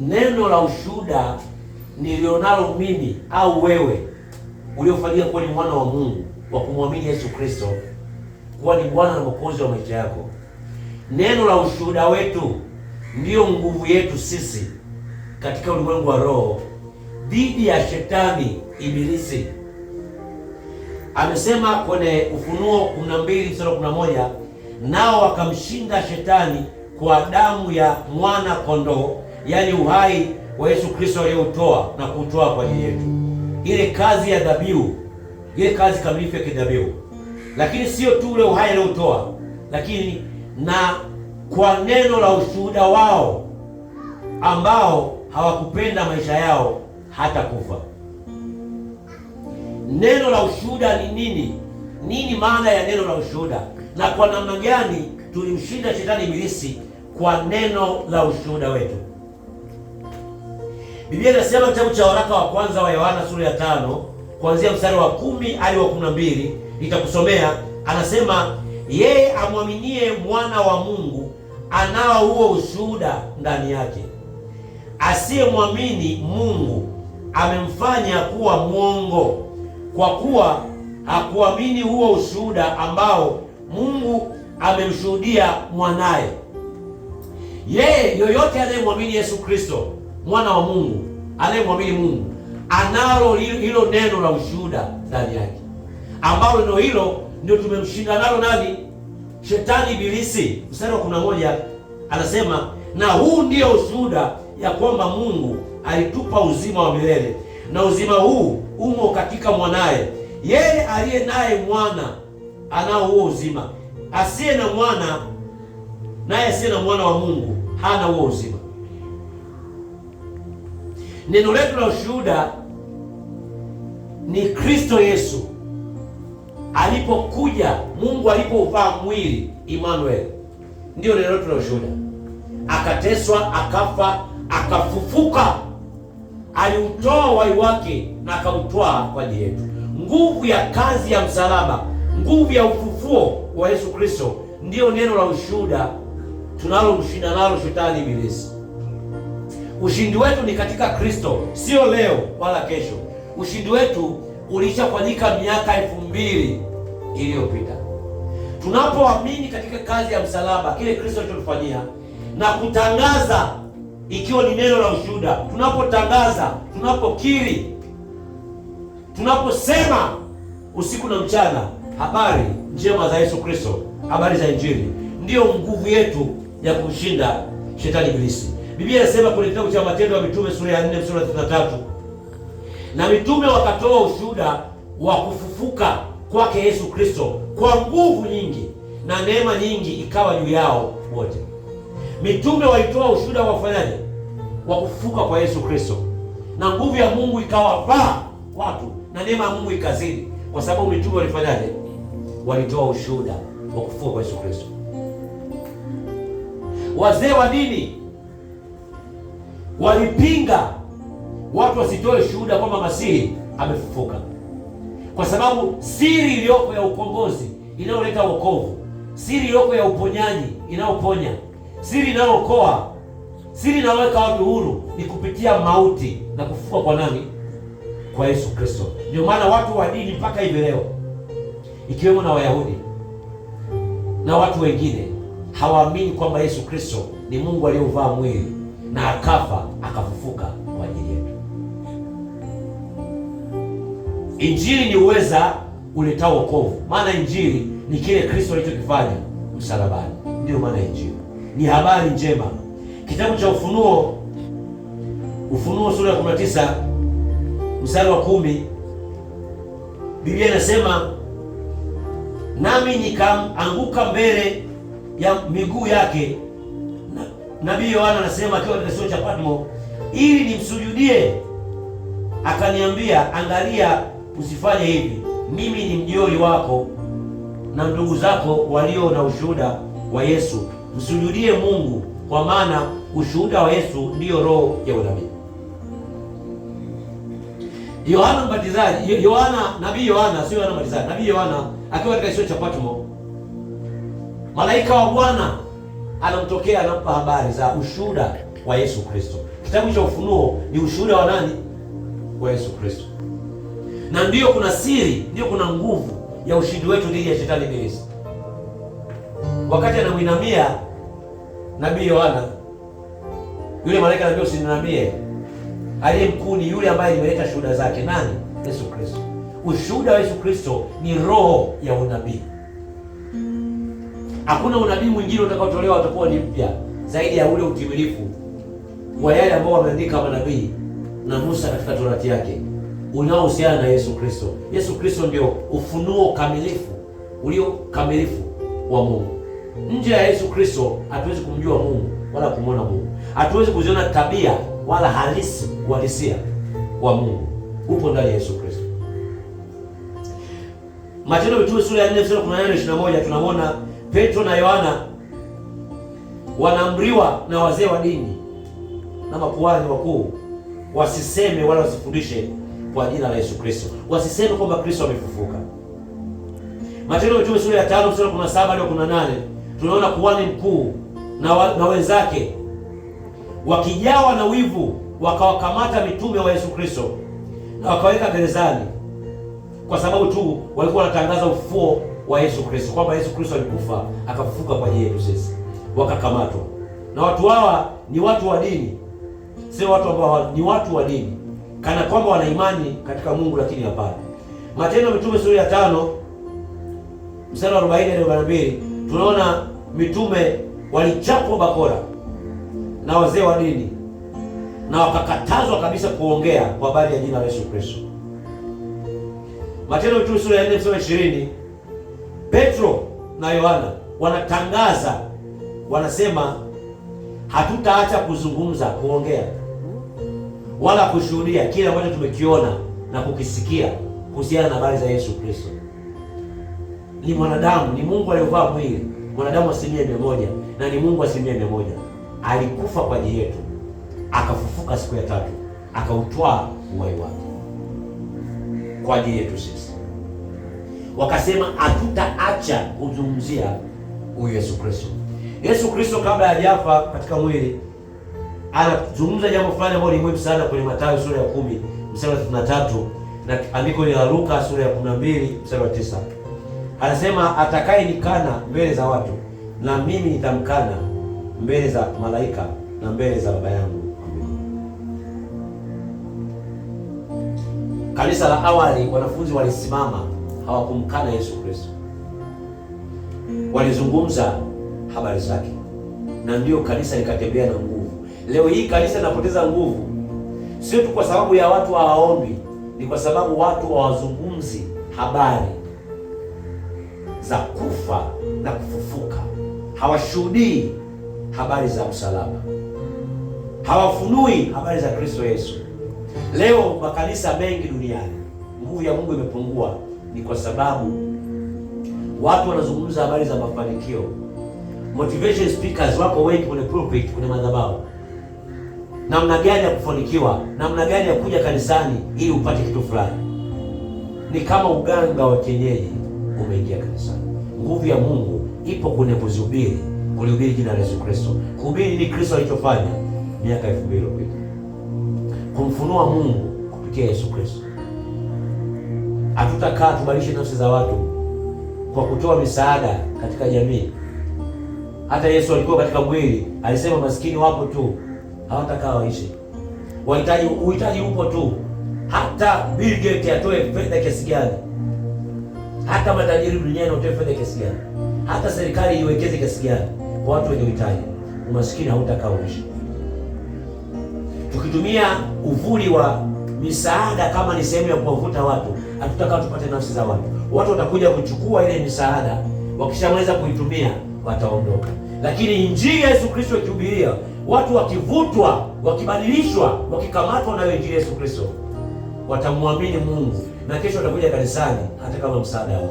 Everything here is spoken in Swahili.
neno la ushuhuda nilionalo mimi au wewe uliofanyia kuwa ni mwana wa Mungu wa kumwamini Yesu Kristo kuwa ni Bwana na Mwokozi wa maisha yako. Neno la ushuhuda wetu ndiyo nguvu yetu sisi katika ulimwengu wa roho dhidi ya shetani ibilisi. Amesema kwenye Ufunuo 12 mstari 11, nao wakamshinda shetani kwa damu ya mwana kondoo yaani uhai wa Yesu Kristo aliyoutoa na kuutoa kwa ajili yetu, ile kazi ya dhabihu, ile kazi kamilifu ya kidhabihu. Lakini sio tu ule uhai aliyoutoa, lakini na kwa neno la ushuhuda wao ambao hawakupenda maisha yao hata kufa. Neno la ushuhuda ni nini? Nini maana ya neno la ushuhuda, na kwa namna gani tulimshinda shetani ibilisi? Kwa neno la ushuhuda wetu. Biblia inasema kitabu cha waraka wa kwanza wa Yohana sura ya tano kuanzia mstari wa kumi hadi wa kumi na mbili nitakusomea. Anasema yeye amwaminie mwana wa Mungu anao huo ushuhuda ndani yake. Asiyemwamini Mungu amemfanya kuwa mwongo, kwa kuwa hakuamini huo ushuhuda ambao Mungu amemshuhudia mwanaye. Yeye yoyote anayemwamini Yesu Kristo mwana wa Mungu anayemwamini Mungu analo hilo neno la ushuhuda ndani yake, ambalo neno hilo ndio tumemshinda nalo nani? Shetani Ibilisi. Mstari wa kumi na moja anasema, na huu ndio ushuhuda ya kwamba Mungu alitupa uzima wa milele na uzima huu umo katika mwanaye. Yeye aliye naye mwana anao huo uzima, asiye na mwana naye asiye na mwana wa Mungu hana huo uzima. Neno letu la ushuhuda ni Kristo Yesu alipokuja, Mungu alipovaa mwili, Emmanuel, ndiyo neno letu la ushuhuda. Akateswa, akafa, akafufuka, aliutoa uhai wake na akautwaa kwa ajili yetu. Nguvu ya kazi ya msalaba, nguvu ya ufufuo wa Yesu Kristo, ndiyo neno la ushuhuda tunalomshinda nalo shetani ibilisi. Ushindi wetu ni katika Kristo, sio leo wala kesho. Ushindi wetu ulishafanyika miaka elfu mbili iliyopita. Tunapoamini katika kazi ya msalaba, kile Kristo alichotufanyia na kutangaza, ikiwa ni neno la ushuhuda, tunapotangaza, tunapokiri, tunaposema usiku na mchana habari njema za Yesu Kristo, habari za Injili, ndiyo nguvu yetu ya kushinda shetani ibilisi. Biblia inasema kwenye kitabu cha Matendo ya Mitume sura ya 4 sura ya 33, na mitume wakatoa ushuhuda wa kufufuka kwake Yesu Kristo kwa nguvu nyingi na neema nyingi ikawa juu yao wote. Mitume walitoa ushuhuda wa kufanyaje? Wa kufufuka kwa Yesu Kristo, na nguvu ya Mungu ikawavaa watu na neema ya Mungu ikazidi, kwa sababu mitume walifanyaje? Walitoa ushuhuda wa kufufuka kwa Yesu Kristo. Wazee wa dini walipinga watu wasitoe shuhuda kwamba Masihi amefufuka, kwa sababu siri iliyoko ya ukombozi inayoleta wokovu, siri iliyoko ya uponyaji inayoponya, siri inayookoa, siri inayoweka watu huru ni kupitia mauti na kufufuka kwa nani? Kwa Yesu Kristo. Ndio maana watu wa dini mpaka hivi leo, ikiwemo na Wayahudi na watu wengine, hawaamini kwamba Yesu Kristo ni Mungu aliyeuvaa mwili na akafa Injili ni uweza uletao wokovu, maana injili ni kile Kristo alichokifanya msalabani. ndio maana injili ni habari njema. Kitabu cha Ufunuo, Ufunuo sura ya 19 mstari wa kumi, Biblia inasema nami nikaanguka mbele ya miguu yake. Nabii Yohana anasema akiwa katika kisiwa cha Patmo ili nimsujudie, akaniambia, angalia usifanye hivi. Mimi ni mjoli wako na ndugu zako walio na ushuhuda wa Yesu. Msujudie Mungu, kwa maana ushuhuda wa Yesu ndiyo roho ya unabii. Yohana Mbatizaji, Yohana nabii Yohana, sio Yohana Mbatizaji, nabii Yohana akiwa katika kisiwa cha Patmo, malaika wa Bwana anamtokea anampa habari za ushuhuda wa Yesu Kristo. Kitabu cha Ufunuo ni ushuhuda wa nani? Wa Yesu Kristo na ndiyo kuna siri, ndiyo kuna nguvu ya ushindi wetu dhidi ya shetani ibilisi. Wakati anamwinamia nabii Yohana, yule malaika anaambia usininamie, aliye mkuu ni yule ambaye nimeleta shuhuda zake. Nani? Yesu Kristo. Ushuhuda wa Yesu Kristo ni roho ya unabii. Hakuna unabii mwingine utakaotolewa utakuwa ni mpya zaidi ya ule utimilifu wa yale ambao wameandika manabii na Musa katika torati yake unaohusiana na Yesu Kristo. Yesu Kristo ndio ufunuo kamilifu ulio kamilifu wa Mungu. Nje ya Yesu Kristo hatuwezi kumjua Mungu wala kumwona Mungu, hatuwezi kuziona tabia wala halisi uhalisia wa Mungu upo ndani ya Yesu Kristo. Matendo Mitume sura ya 4 sura ya 18 21, tunamwona Petro na Yohana wanaamriwa na wazee wa dini na makuhani wakuu wasiseme wala wasifundishe kwa jina la Yesu Kristo, wasiseme kwamba Kristo amefufuka. Matendo ya Mitume sura ya 5 mstari wa 17 hadi 18, tunaona kuhani mkuu na, wa, na wenzake wakijawa na wivu wakawakamata mitume wa Yesu Kristo na wakaweka gerezani kwa sababu tu walikuwa wanatangaza ufuo wa Yesu Kristo, kwamba Yesu Kristo alikufa akafufuka kwa ajili yetu sisi. Wakakamatwa, na watu hawa ni watu wa dini, sio watu ambao, ni watu wa dini kana kwamba wana imani katika Mungu lakini hapana. Matendo ya Mitume sura ya tano mstari wa 40 hadi 42 tunaona mitume walichapwa bakora na wazee wa dini na wakakatazwa kabisa kuongea kwa habari ya jina la Yesu Kristo. Matendo ya Mitume sura ya 4 mstari wa 20, Petro na Yohana wanatangaza wanasema, hatutaacha kuzungumza kuongea wala kushuhudia kile ambacho tumekiona na kukisikia kuhusiana na habari za Yesu Kristo. Ni mwanadamu, ni Mungu aliyovaa mwili, mwanadamu asilimia mia moja, na ni Mungu asilimia mia moja. Alikufa kwa ajili yetu, akafufuka siku ya tatu, akautwaa uhai wake kwa ajili yetu sisi. Wakasema hatutaacha kuzungumzia huyu Yesu Kristo. Yesu Kristo kabla hajafa katika mwili anazungumza jambo fulani ambalo ni muhimu sana kwenye Mathayo sura ya kumi mstari wa thelathini na tatu na andiko la Luka sura ya kumi na mbili mstari wa tisa anasema nikana mbele za watu na mimi nitamkana mbele za malaika na mbele za Baba yangu. Kanisa la awali, wanafunzi walisimama, hawakumkana Yesu Kristo, walizungumza habari zake, na ndiyo kanisa likatembea na nguvu Leo hii kanisa linapoteza nguvu, sio tu kwa sababu ya watu hawaombi, ni kwa sababu watu hawazungumzi habari za kufa na kufufuka, hawashuhudii habari za msalaba, hawafunui habari za Kristo Yesu. Leo makanisa mengi duniani nguvu ya Mungu imepungua, ni kwa sababu watu wanazungumza habari za mafanikio. Motivation speakers wako wengi kwenye pulpit, kwenye madhabahu namna gani ya kufanikiwa, namna gani ya kuja kanisani ili upate kitu fulani. Ni kama uganga wa kienyeji umeingia kanisani. Nguvu ya Mungu ipo kwenye kuzihubiri, kulihubiri jina la Yesu Kristo. Kuhubiri ni Kristo alichofanya miaka elfu mbili iliyopita, kumfunua Mungu kupitia Yesu Kristo. Hatutakaa tubadilishe nafsi za watu kwa kutoa misaada katika jamii. Hata Yesu alikuwa katika mwili, alisema maskini wapo tu hawatakaa waishi. Wahitaji, uhitaji upo tu, hata Bill Gates atoe fedha kiasi gani, hata matajiri duniani watoe fedha kiasi gani, hata serikali iwekeze kiasi gani kwa watu wenye uhitaji, umaskini hautakaa waishi. Tukitumia uvuli wa misaada kama ni sehemu ya kuwavuta watu, hatutakaa tupate nafsi za watu. Watu watakuja kuchukua ile misaada, wakishamaliza kuitumia wataondoka. Lakini injili ya Yesu Kristo ikihubiria watu wakivutwa, wakibadilishwa, wakikamatwa na Injili Yesu Kristo, watamwamini Mungu na kesho watakuja kanisani hata kama msaada